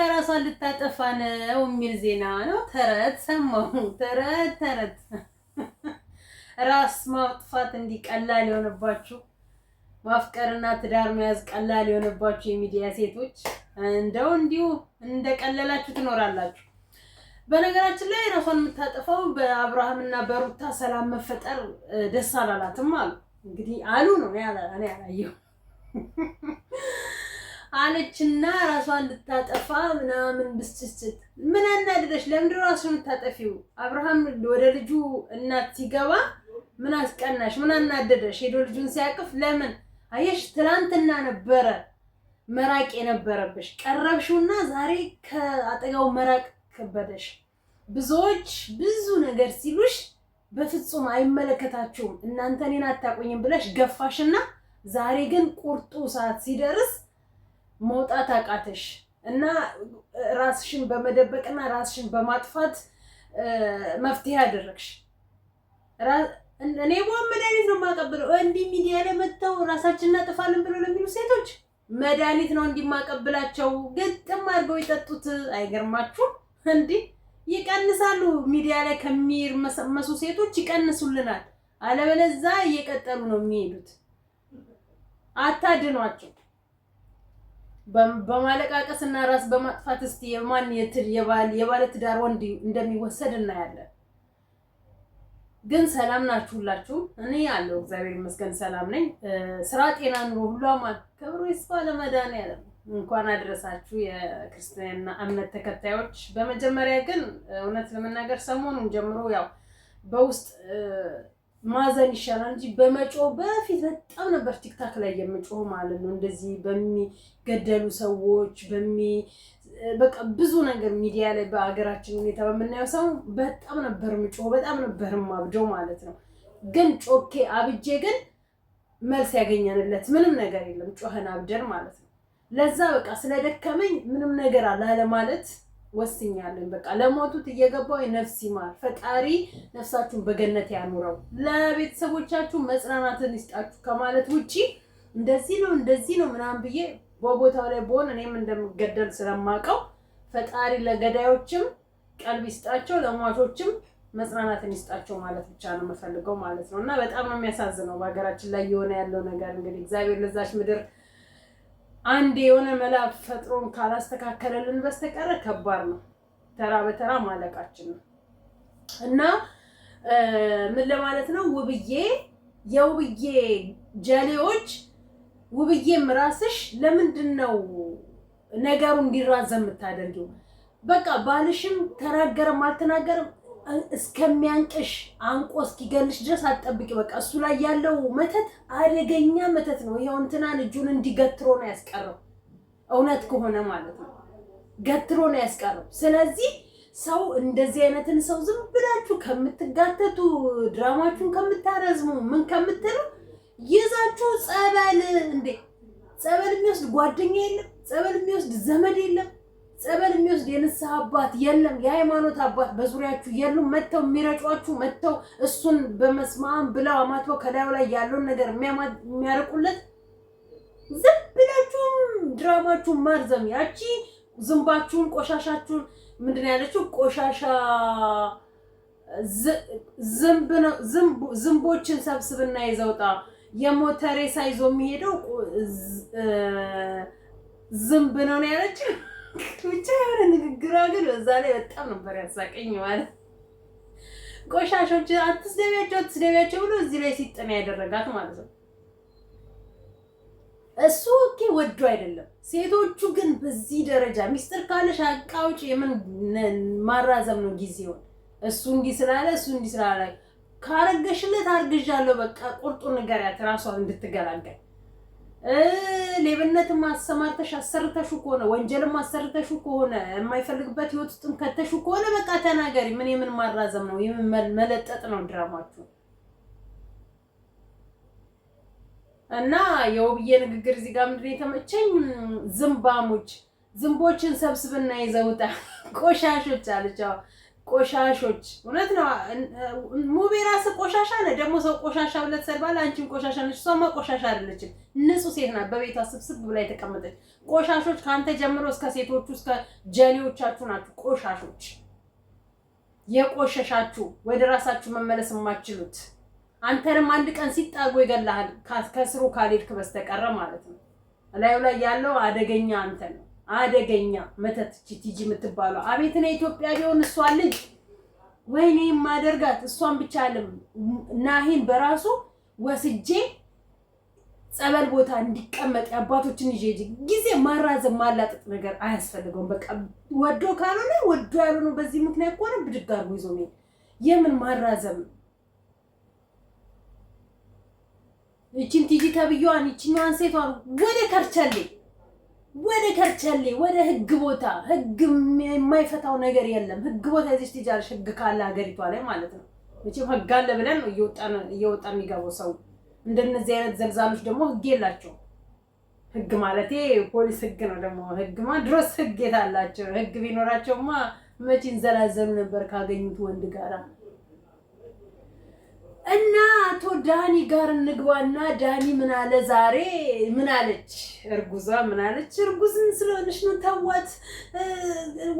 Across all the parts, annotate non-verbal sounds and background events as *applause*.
ሄላ ራሷን ልታጠፋ ነው የሚል ዜና ነው ተረት ሰማሁ። ተረት ተረት ራስ ማጥፋት እንዲህ ቀላል የሆነባችሁ ማፍቀርና ትዳር መያዝ ቀላል የሆነባችሁ የሚዲያ ሴቶች እንደው እንዲሁ እንደቀለላችሁ ትኖራላችሁ። በነገራችን ላይ ራሷን የምታጠፋው በአብርሃምና በሩታ ሰላም መፈጠር ደስ አላላትም አሉ። እንግዲህ አሉ ነው እኔ አላየሁም። አለችና ራሷን እንድታጠፋ ምናምን ብስትስት ምን አናደደሽ? ለምንድን ራሱን የምታጠፊው? አብርሃም ወደ ልጁ እናት ሲገባ ምን አስቀናሽ? ምን አናደደሽ? ሄዶ ልጁን ሲያቅፍ ለምን አየሽ? ትላንትና ነበረ መራቅ የነበረብሽ ቀረብሽውና ዛሬ ከአጠጋው መራቅ ከበደሽ። ብዙዎች ብዙ ነገር ሲሉሽ በፍጹም አይመለከታችሁም እናንተ እኔን አታቆኝም ብለሽ ገፋሽና ዛሬ ግን ቁርጡ ሰዓት ሲደርስ መውጣት አቃተሽ እና ራስሽን በመደበቅና ራስሽን በማጥፋት መፍትሄ አደረግሽ። እኔ ቦም መድኃኒት ነው የማቀብለው። እንዲህ ሚዲያ ላይ መጥተው ራሳችን እናጥፋለን ብለው ለሚሉ ሴቶች መድኃኒት ነው እንዲማቀብላቸው ግጥም አድርገው የጠጡት አይገርማችሁም? እንዲህ ይቀንሳሉ። ሚዲያ ላይ ከሚርመሰመሱ ሴቶች ይቀንሱልናል። አለበለዛ እየቀጠሉ ነው የሚሄዱት። አታድኗቸው። በማለቃቀስ እና ራስ በማጥፋት እስቲ የማን የትል የባል የባለ ትዳር ወንድ እንደሚወሰድ እናያለን። ግን ሰላም ናችሁ ሁላችሁ? እኔ ያለው እግዚአብሔር ይመስገን ሰላም ነኝ። ስራ፣ ጤና፣ ኑሮ ሁሉ አማን ክብሩ ይስፋ ለመድኃኒዓለም። እንኳን አድረሳችሁ የክርስትና እምነት ተከታዮች። በመጀመሪያ ግን እውነት ለመናገር ሰሞኑን ጀምሮ ያው በውስጥ ማዘን ይሻላል እንጂ በመጮህ በፊት በጣም ነበር ቲክታክ ላይ የምጮህ ማለት ነው። እንደዚህ በሚገደሉ ሰዎች በሚ በቃ ብዙ ነገር ሚዲያ ላይ በሀገራችን ሁኔታ በምናየው ሰው በጣም ነበር ምጮህ፣ በጣም ነበር ማብደው ማለት ነው። ግን ጮኬ አብጄ ግን መልስ ያገኘንለት ምንም ነገር የለም። ጮኸን አብደን ማለት ነው። ለዛ በቃ ስለደከመኝ ምንም ነገር አላለ ማለት ወስኛለን በቃ ለሞቱት እየገባው ነፍስ ይማር፣ ፈጣሪ ነፍሳችሁን በገነት ያኑረው፣ ለቤተሰቦቻችሁ መጽናናትን ይስጣችሁ ከማለት ውጪ እንደዚህ ነው እንደዚህ ነው ምናምን ብዬ በቦታው ላይ በሆን እኔም እንደምገደል ስለማውቀው ፈጣሪ ለገዳዮችም ቀልብ ይስጣቸው፣ ለሟቾችም መጽናናትን ይስጣቸው ማለት ብቻ ነው የምፈልገው ማለት ነው። እና በጣም ነው የሚያሳዝነው በሀገራችን ላይ የሆነ ያለው ነገር እንግዲህ እግዚአብሔር ለዛች ምድር አንድ የሆነ መልአክ ፈጥሮን ካላስተካከለልን በስተቀረ ከባድ ነው። ተራ በተራ ማለቃችን ነው እና ምን ለማለት ነው ውብዬ የውብዬ ጀሌዎች ውብዬም ራስሽ ለምንድን ነው ነገሩ እንዲራዘም የምታደርጊው? በቃ ባልሽም ተናገረም አልተናገረም እስከሚያንቅሽ አንቆ እስኪገልሽ ድረስ አጠብቂ። በቃ እሱ ላይ ያለው መተት አደገኛ መተት ነው። ይኸው እንትናን እጁን እንዲገትሮ ነው ያስቀረው። እውነት ከሆነ ማለት ነው ገትሮ ነው ያስቀረው። ስለዚህ ሰው እንደዚህ አይነትን ሰው ዝም ብላችሁ ከምትጋተቱ፣ ድራማችሁን ከምታረዝሙ፣ ምን ከምትሉ ይዛችሁ ጸበል እንዴ! ጸበል የሚወስድ ጓደኛ የለም። ጸበል የሚወስድ ዘመድ የለም። ጸበል የሚወስድ የንስሐ አባት የለም። የሃይማኖት አባት በዙሪያችሁ የሉም። መጥተው የሚረጯችሁ መጥተው እሱን በመስማም ብለው አማቶ ከላዩ ላይ ያለውን ነገር የሚያርቁለት ዝም ብላችሁም ድራማችሁን ማርዘም ያቺ ዝንባችሁን ቆሻሻችሁን ምንድን ነው ያለችው? ቆሻሻ ዝንቦችን ሰብስብና ይዘውጣ የሞተ ሬሳ የሚሄደው ዝንብ ነው ነው ያለችው። ብቻ የሆነ ንግግሯ ግን በዛ ላይ በጣም ነበር ያሳቀኝ። ማለት ቆሻሾች አትስደቢያቸው፣ አትስደቢያቸው ብሎ እዚህ ላይ ሲጠና ያደረጋት ማለት ነው። እሱ ኦኬ ወዶ አይደለም። ሴቶቹ ግን በዚህ ደረጃ ሚስጥር ካለሽ አቃውጭ የምን ማራዘም ነው ጊዜውን? እሱ እንዲህ ስላለ እሱ እንዲህ ስላለ ካረገሽለት አርግዣለሁ በቃ ንገሪያት ራሷን እንድትገላገል ሌብነትም አሰማርተሽ አሰርተሹ ከሆነ ወንጀልም አሰርተሹ ከሆነ የማይፈልግበት ህይወት ውስጥም ከተሹ ከሆነ በቃ ተናገሪ። ምን የምን ማራዘም ነው? የምን መለጠጥ ነው ድራማችሁ? እና የውብዬ ንግግር እዚህ ጋር ምንድን ነው የተመቸኝ? ዝምባሞች ዝንቦችን ሰብስብና ይዘውጣ *laughs* ቆሻሾች አለች። ቆሻሾች እውነት ነው። ሙቤ ራስህ ቆሻሻ ነ ደግሞ ሰው ቆሻሻ ብለህ ትሰድባለህ። አንቺም ቆሻሻ ነች። እሷማ ቆሻሻ አይደለችም፣ ንጹህ ሴት ናት። በቤቷ ስብስብ ብላ የተቀመጠች ቆሻሾች፣ ከአንተ ጀምሮ እስከ ሴቶቹ እስከ ጀሌዎቻችሁ ናችሁ ቆሻሾች። የቆሸሻችሁ ወደ ራሳችሁ መመለስ የማችሉት አንተንም አንድ ቀን ሲጣጎ ይገላሃል፣ ከስሩ ካልሄድክ በስተቀረ ማለት ነው። እላዩ ላይ ያለው አደገኛ አንተ ነው። አደገኛ መተት ቲጂ የምትባለው ነ ኢትዮጵያ ቢሆን እሷ ልጅ ወይኔ የማደርጋት እሷን ብቻ አለም ናሂን በራሱ ወስጄ ጸበል ቦታ እንዲቀመጥ የአባቶችን ይዤ ጊዜ ማራዘም ማላጠጥ ነገር አያስፈልገውም። በቃ ወዶ ካልሆነ ወዶ ያልሆነው በዚህ ምክንያት ከሆነ ብድግ አድርጎ ይዞ መሄድ የምን ማራዘም ነው? ይቺን ቲጂ ተብዬዋን ይችኛዋን ሴቷን ወደ ከርቸሌ ወደ ከርቸሌ ወደ ህግ ቦታ ህግ የማይፈታው ነገር የለም። ህግ ቦታ እዚህ ትጃለሽ። ህግ ካለ ሀገሪቷ ላይ ማለት ነው። መቼም ህግ አለ ብለን እየወጣ የሚገባው ሰው። እንደነዚህ አይነት ዘልዛሎች ደግሞ ህግ የላቸው። ህግ ማለት ፖሊስ ህግ ነው። ደግሞ ህግማ ድሮስ ህግ የታላቸው? ህግ ቢኖራቸውማ መቼ እንዘላዘሉ ነበር ካገኙት ወንድ ጋራ እና አቶ ዳኒ ጋር እንግባና ዳኒ ምን አለ ዛሬ? ምን አለች እርጉዟ? ምን አለች እርጉዝን ስለሆነች ነው ተዋት፣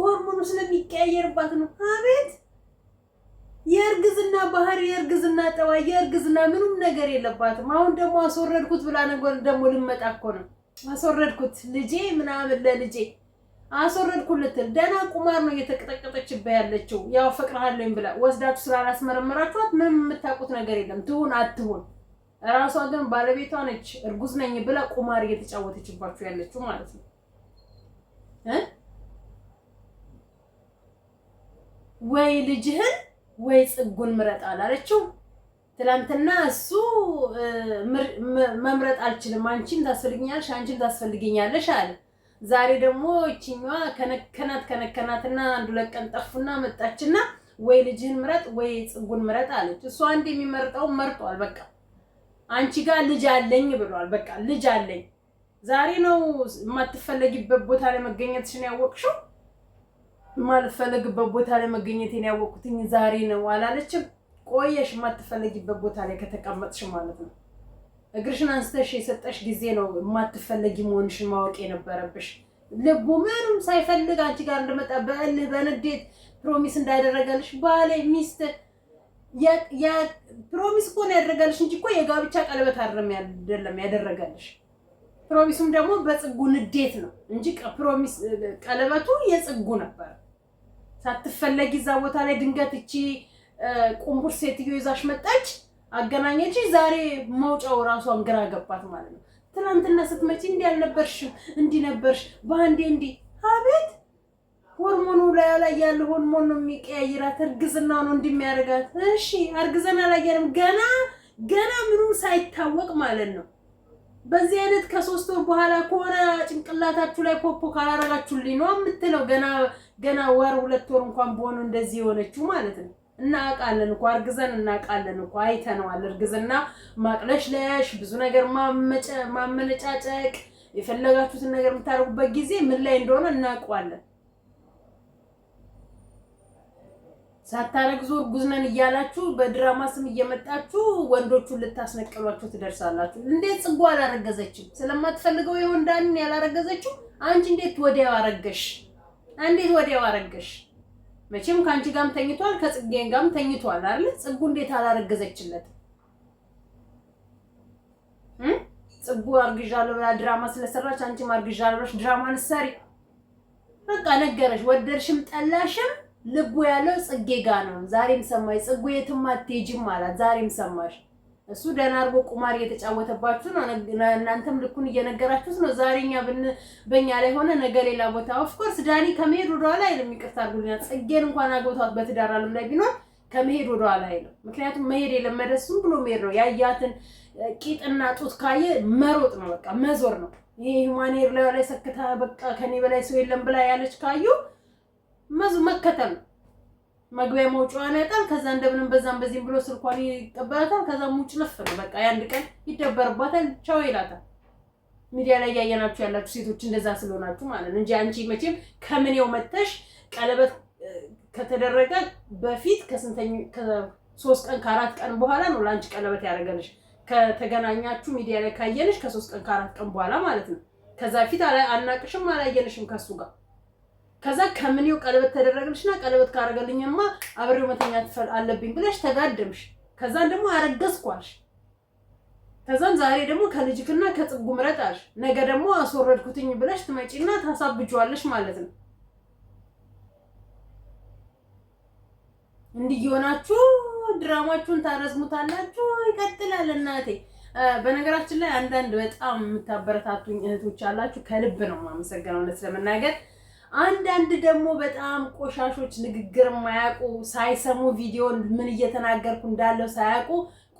ሆርሞኑ ስለሚቀያየርባት ነው። አቤት የእርግዝና ባህሪ፣ የእርግዝና ጠባይ፣ የእርግዝና ምንም ነገር የለባትም። አሁን ደግሞ አስወረድኩት ብላ ነገር ደግሞ ልመጣ እኮ ነው። አስወረድኩት ልጄ ምናምን ለልጄ አስወረድኩ ልትል ደህና ቁማር ነው እየተቀጠቀጠችበት ያለችው። ያው ፈቅርሃለኝ ብላ ወስዳችሁ ስላላስመረመራችኋት ምንም የምታውቁት ነገር የለም። ትሁን አትሁን እራሷ ግን ባለቤቷ ነች፣ እርጉዝ ነኝ ብላ ቁማር እየተጫወተችባችሁ ያለችው ማለት ነው። ወይ ልጅህን ወይ ጽጉን ምረጥ አላለችው? ትላንትና እሱ መምረጥ አልችልም፣ አንቺም ታስፈልግኛለሽ፣ አንቺም ታስፈልግኛለሽ አለ ዛሬ ደግሞ ይችኛዋ ከነከናት ከነከናትና አንዱ ለቀን ጠፉና መጣችና ወይ ልጅህን ምረጥ ወይ ጽጉን ምረጥ አለች። እሱ አንድ የሚመርጠውን መርጧል። በቃ አንቺ ጋር ልጅ አለኝ ብሏል። በቃ ልጅ አለኝ። ዛሬ ነው የማትፈለጊበት ቦታ ላይ መገኘትሽን ያወቅሽው። የማልፈለግበት ቦታ ላይ መገኘቴን ያወቅኩትኝ ዛሬ ነው አላለችም። ቆየሽ የማትፈለጊበት ቦታ ላይ ከተቀመጥሽ ማለት ነው። እግርሽን አንስተሽ የሰጠሽ ጊዜ ነው የማትፈለጊ መሆንሽን ማወቅ የነበረብሽ። ልቡ ምንም ሳይፈልግ አንቺ ጋር እንደመጣ በእልህ በንዴት ፕሮሚስ እንዳያደረገልሽ ባሌ ሚስት ፕሮሚስ እኮ ነው ያደረጋልሽ እንጂ እኮ የጋብቻ ቀለበት አይደለም ያደረገልሽ። ፕሮሚሱም ደግሞ በጽጉ ንዴት ነው እንጂ ፕሮሚስ ቀለበቱ የጽጉ ነበር። ሳትፈለጊ እዛ ቦታ ላይ ድንገት እቺ ቁንቡር ሴትዮ ይዛሽ መጣች። አገናኘች። ዛሬ መውጫው ራሷን ግራ ገባት ማለት ነው። ትናንትና ስትመጪ እንዲህ አልነበርሽም፣ እንዲህ ነበርሽ፣ በአንዴ እንዲህ አቤት ሆርሞኑ ላይ ላይ ያለ ሆርሞን ነው የሚቀያይራት። እርግዝና ነው እንዲህ እሺ እርግዝና አላየንም ገና ገና ምኑ ሳይታወቅ ማለት ነው። በዚህ አይነት ከሶስት ወር በኋላ ከሆነ ጭንቅላታችሁ ላይ ፖፖ ካላረጋችሁልኝ ነው የምትለው። ገና ገና ወር ሁለት ወር እንኳን በሆኑ እንደዚህ የሆነችው ማለት ነው። እናውቃለን እኮ አርግዘን እናውቃለን እኮ አይተነዋል። እርግዝና ማቅለሽለሽ፣ ብዙ ነገር ማመነጫጨቅ፣ የፈለጋችሁትን ነገር የምታደርጉበት ጊዜ ምን ላይ እንደሆነ እናውቀዋለን። ሳታረግዙ እርጉዝ ነን እያላችሁ በድራማ ስም እየመጣችሁ ወንዶቹን ልታስነቅሏቸው ትደርሳላችሁ። እንዴት ጽጎ አላረገዘችም? ስለማትፈልገው የወንዳንን ያላረገዘችው አንቺ እንዴት ወዲያው አረገሽ? እንዴት ወዲያው አረገሽ? መቼም ከአንቺ ጋርም ተኝቷል፣ ከጽጌን ጋርም ተኝቷል አይደል? ጽጉ እንዴት አላረገዘችለት? ጽጉ አርግዣለሁ ብላ ድራማ ስለሰራች አንቺም አርግዣለሁ ብለሽ ድራማን ሰሪ። በቃ ነገረሽ፣ ወደድሽም ጠላሽም ልቡ ያለው ጽጌ ጋ ነው። ዛሬም ሰማሽ ጽጉ የትም አትሄጂም አላት። ዛሬም ሰማሽ። እሱ ደህና አድርጎ ቁማር እየተጫወተባችሁ ነው። እናንተም ልኩን እየነገራችሁት ነው። ዛሬ እኛ በእኛ ላይ ሆነ ነገ ሌላ ቦታ። ኦፍኮርስ ዳኒ ከመሄድ ወደኋላ አይልም። ይቅርታ አድርጉልኛ። ጽጌን እንኳን አግብቷት በትዳር ዓለም ላይ ቢኖር ከመሄድ ወደኋላ አይልም። ምክንያቱም መሄድ የለመደ እሱም ብሎ መሄድ ነው። ያያትን ቂጥና ጡት ካየ መሮጥ ነው፣ በቃ መዞር ነው። ይሄ ማኔር ላይ ሰክታ በቃ ከኔ በላይ ሰው የለም ብላ ያለች ካዩ መዙ መከተል ነው። መግቢያ መውጫዋን ያጣል። ከዛ እንደምንም በዛም በዚህም ብሎ ስልኳን ይቀበላታል። ከዛ ሙጭ ነፍ ነው በቃ የአንድ ቀን ይደበርባታል። ቻው ይላታል። ሚዲያ ላይ እያየናችሁ ያላችሁ ሴቶች እንደዛ ስለሆናችሁ ማለት ነው እንጂ አንቺ መቼም ከምኔው መተሽ ቀለበት ከተደረገ በፊት ከስንተኝ ከሶስት ቀን ከአራት ቀን በኋላ ነው ለአንቺ ቀለበት ያደረገልሽ። ከተገናኛችሁ ሚዲያ ላይ ካየንሽ ከሶስት ቀን ከአራት ቀን በኋላ ማለት ነው። ከዛ ፊት አናቅሽም፣ አላየንሽም ከሱ ጋር ከዛ ከምኔው ቀለበት ና ቀለበት ካረገልኝማ አብሬው መተኛት አለብኝ ብለሽ ተጋደምሽ። ከዛን ደግሞ አረገዝኳልሽ። ከዛም ዛሬ ደግሞ ከልጅክና ከጽጉ ምረጣሽ፣ ነገ ደግሞ አስወረድኩትኝ ብለሽ ትመጪና ታሳብጇዋለሽ ማለት ነው። እንዲህ የሆናችሁ ድራማችሁን ታረዝሙታላችሁ፣ ይቀጥላል። እናቴ በነገራችን ላይ አንዳንድ በጣም የምታበረታቱኝ እህቶች አላችሁ፣ ከልብ ነው የማመሰግነው ለመናገር አንዳንድ ደግሞ በጣም ቆሻሾች ንግግር ማያቁ ሳይሰሙ ቪዲዮን ምን እየተናገርኩ እንዳለው ሳያውቁ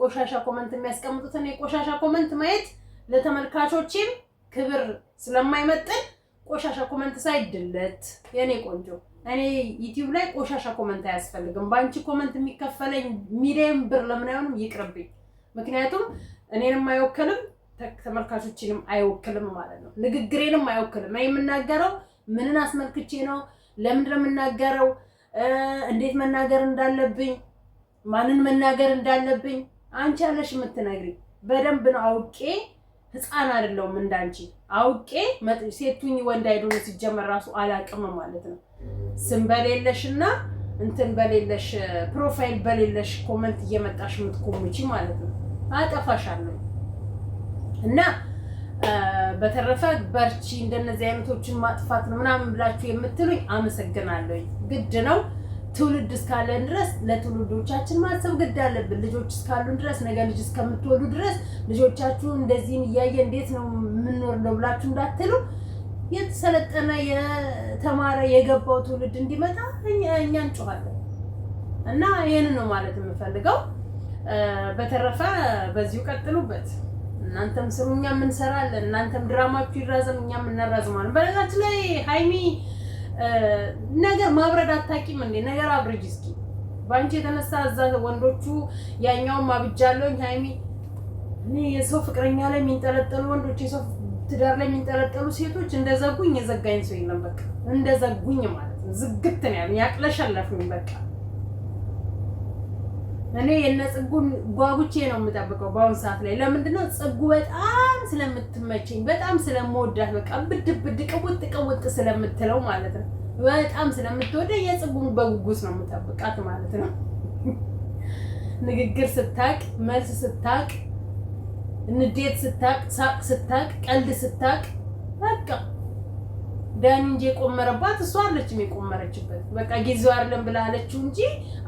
ቆሻሻ ኮመንት የሚያስቀምጡትን የቆሻሻ ኮመንት ማየት ለተመልካቾችም ክብር ስለማይመጥን ቆሻሻ ኮመንት ሳይድለት የኔ ቆንጆ፣ እኔ ዩቲዩብ ላይ ቆሻሻ ኮመንት አያስፈልግም። በአንቺ ኮመንት የሚከፈለኝ ሚሊየን ብር ለምን አይሆንም ይቅርብኝ። ምክንያቱም እኔንም አይወክልም ተመልካቾችንም አይወክልም ማለት ነው። ንግግሬንም አይወክልም እኔ የምናገረው ምንን አስመልክቼ ነው? ለምንድን ነው የምናገረው? እንዴት መናገር እንዳለብኝ፣ ማንን መናገር እንዳለብኝ አንቺ አለሽ የምትነግሪኝ። በደንብ ነው አውቄ፣ ህፃን አይደለሁም እንዳንቺ አውቄ። ሴቱኝ ወንድ አይዶነ ሲጀመር ራሱ አላቅም ማለት ነው። ስም በሌለሽ እና እንትን በሌለሽ ፕሮፋይል በሌለሽ ኮመንት እየመጣሽ የምትኮምቺ ማለት ነው። አጠፋሻለሁ እና በተረፈ በርቺ፣ እንደነዚህ አይነቶችን ማጥፋት ነው ምናምን ብላችሁ የምትሉኝ አመሰግናለሁ። ግድ ነው። ትውልድ እስካለን ድረስ ለትውልዶቻችን ማሰብ ግድ አለብን። ልጆች እስካሉን ድረስ ነገ ልጅ እስከምትወሉ ድረስ ልጆቻችሁ እንደዚህን እያየ እንዴት ነው የምንወርደው ብላችሁ እንዳትሉ የተሰለጠነ የተማረ የገባው ትውልድ እንዲመጣ እኛ እንጮኋለን እና ይህንን ነው ማለት የምፈልገው። በተረፈ በዚሁ ቀጥሉበት። እናንተም ስሩ፣ እኛም እንሰራለን። እናንተም ድራማችሁ ይራዘም፣ እኛም እናራዝማለን። በነገራችን ላይ ሀይሚ ነገር ማብረድ አታቂም እንዴ? ነገር አብረጅ እስኪ። በአንቺ የተነሳ እዛ ወንዶቹ ያኛውን አብጃለሁኝ ሀይሚ። እኔ የሰው ፍቅረኛ ላይ የሚንጠለጠሉ ወንዶች፣ የሰው ትዳር ላይ የሚንጠለጠሉ ሴቶች እንደዘጉኝ የዘጋኝ ሰው የለም። በቃ እንደዘጉኝ ማለት ነው። ዝግት ነው ያለኝ። ያቅለሸለፉኝ በቃ እኔ የነ ጽጉን ጓጉቼ ነው የምጠብቀው በአሁኑ ሰዓት ላይ። ለምንድነው ጽጉ በጣም ስለምትመቸኝ በጣም ስለምወዳት በቃ ብድ ብድ ቅውጥ ቅውጥ ስለምትለው ማለት ነው። በጣም ስለምትወደ የጽጉን በጉጉት ነው የምጠብቃት ማለት ነው። *laughs* ንግግር ስታቅ፣ መልስ ስታቅ፣ ንዴት ስታቅ፣ ሳቅ ስታቅ፣ ቀልድ ስታቅ በቃ ዳኒ እንጂ የቆመረባት እሷ አለችም የቆመረችበት በቃ ጊዜው አይደለም ብላ አለችው እንጂ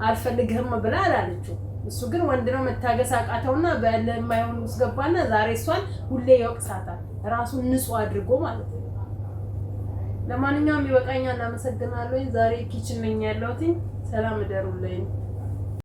አልፈልግህም ብላ አላለችው። እሱ ግን ወንድ ነው መታገስ አቃተውና በማይሆን ውስጥ ገባና ዛሬ እሷን ሁሌ ይወቅሳታል። ራሱን ንጹህ አድርጎ ማለት ነው። ለማንኛውም ይበቃኛል። አመሰግናለሁ። ዛሬ ኪችን ነኝ ያለሁት። ሰላም እደሩልኝ።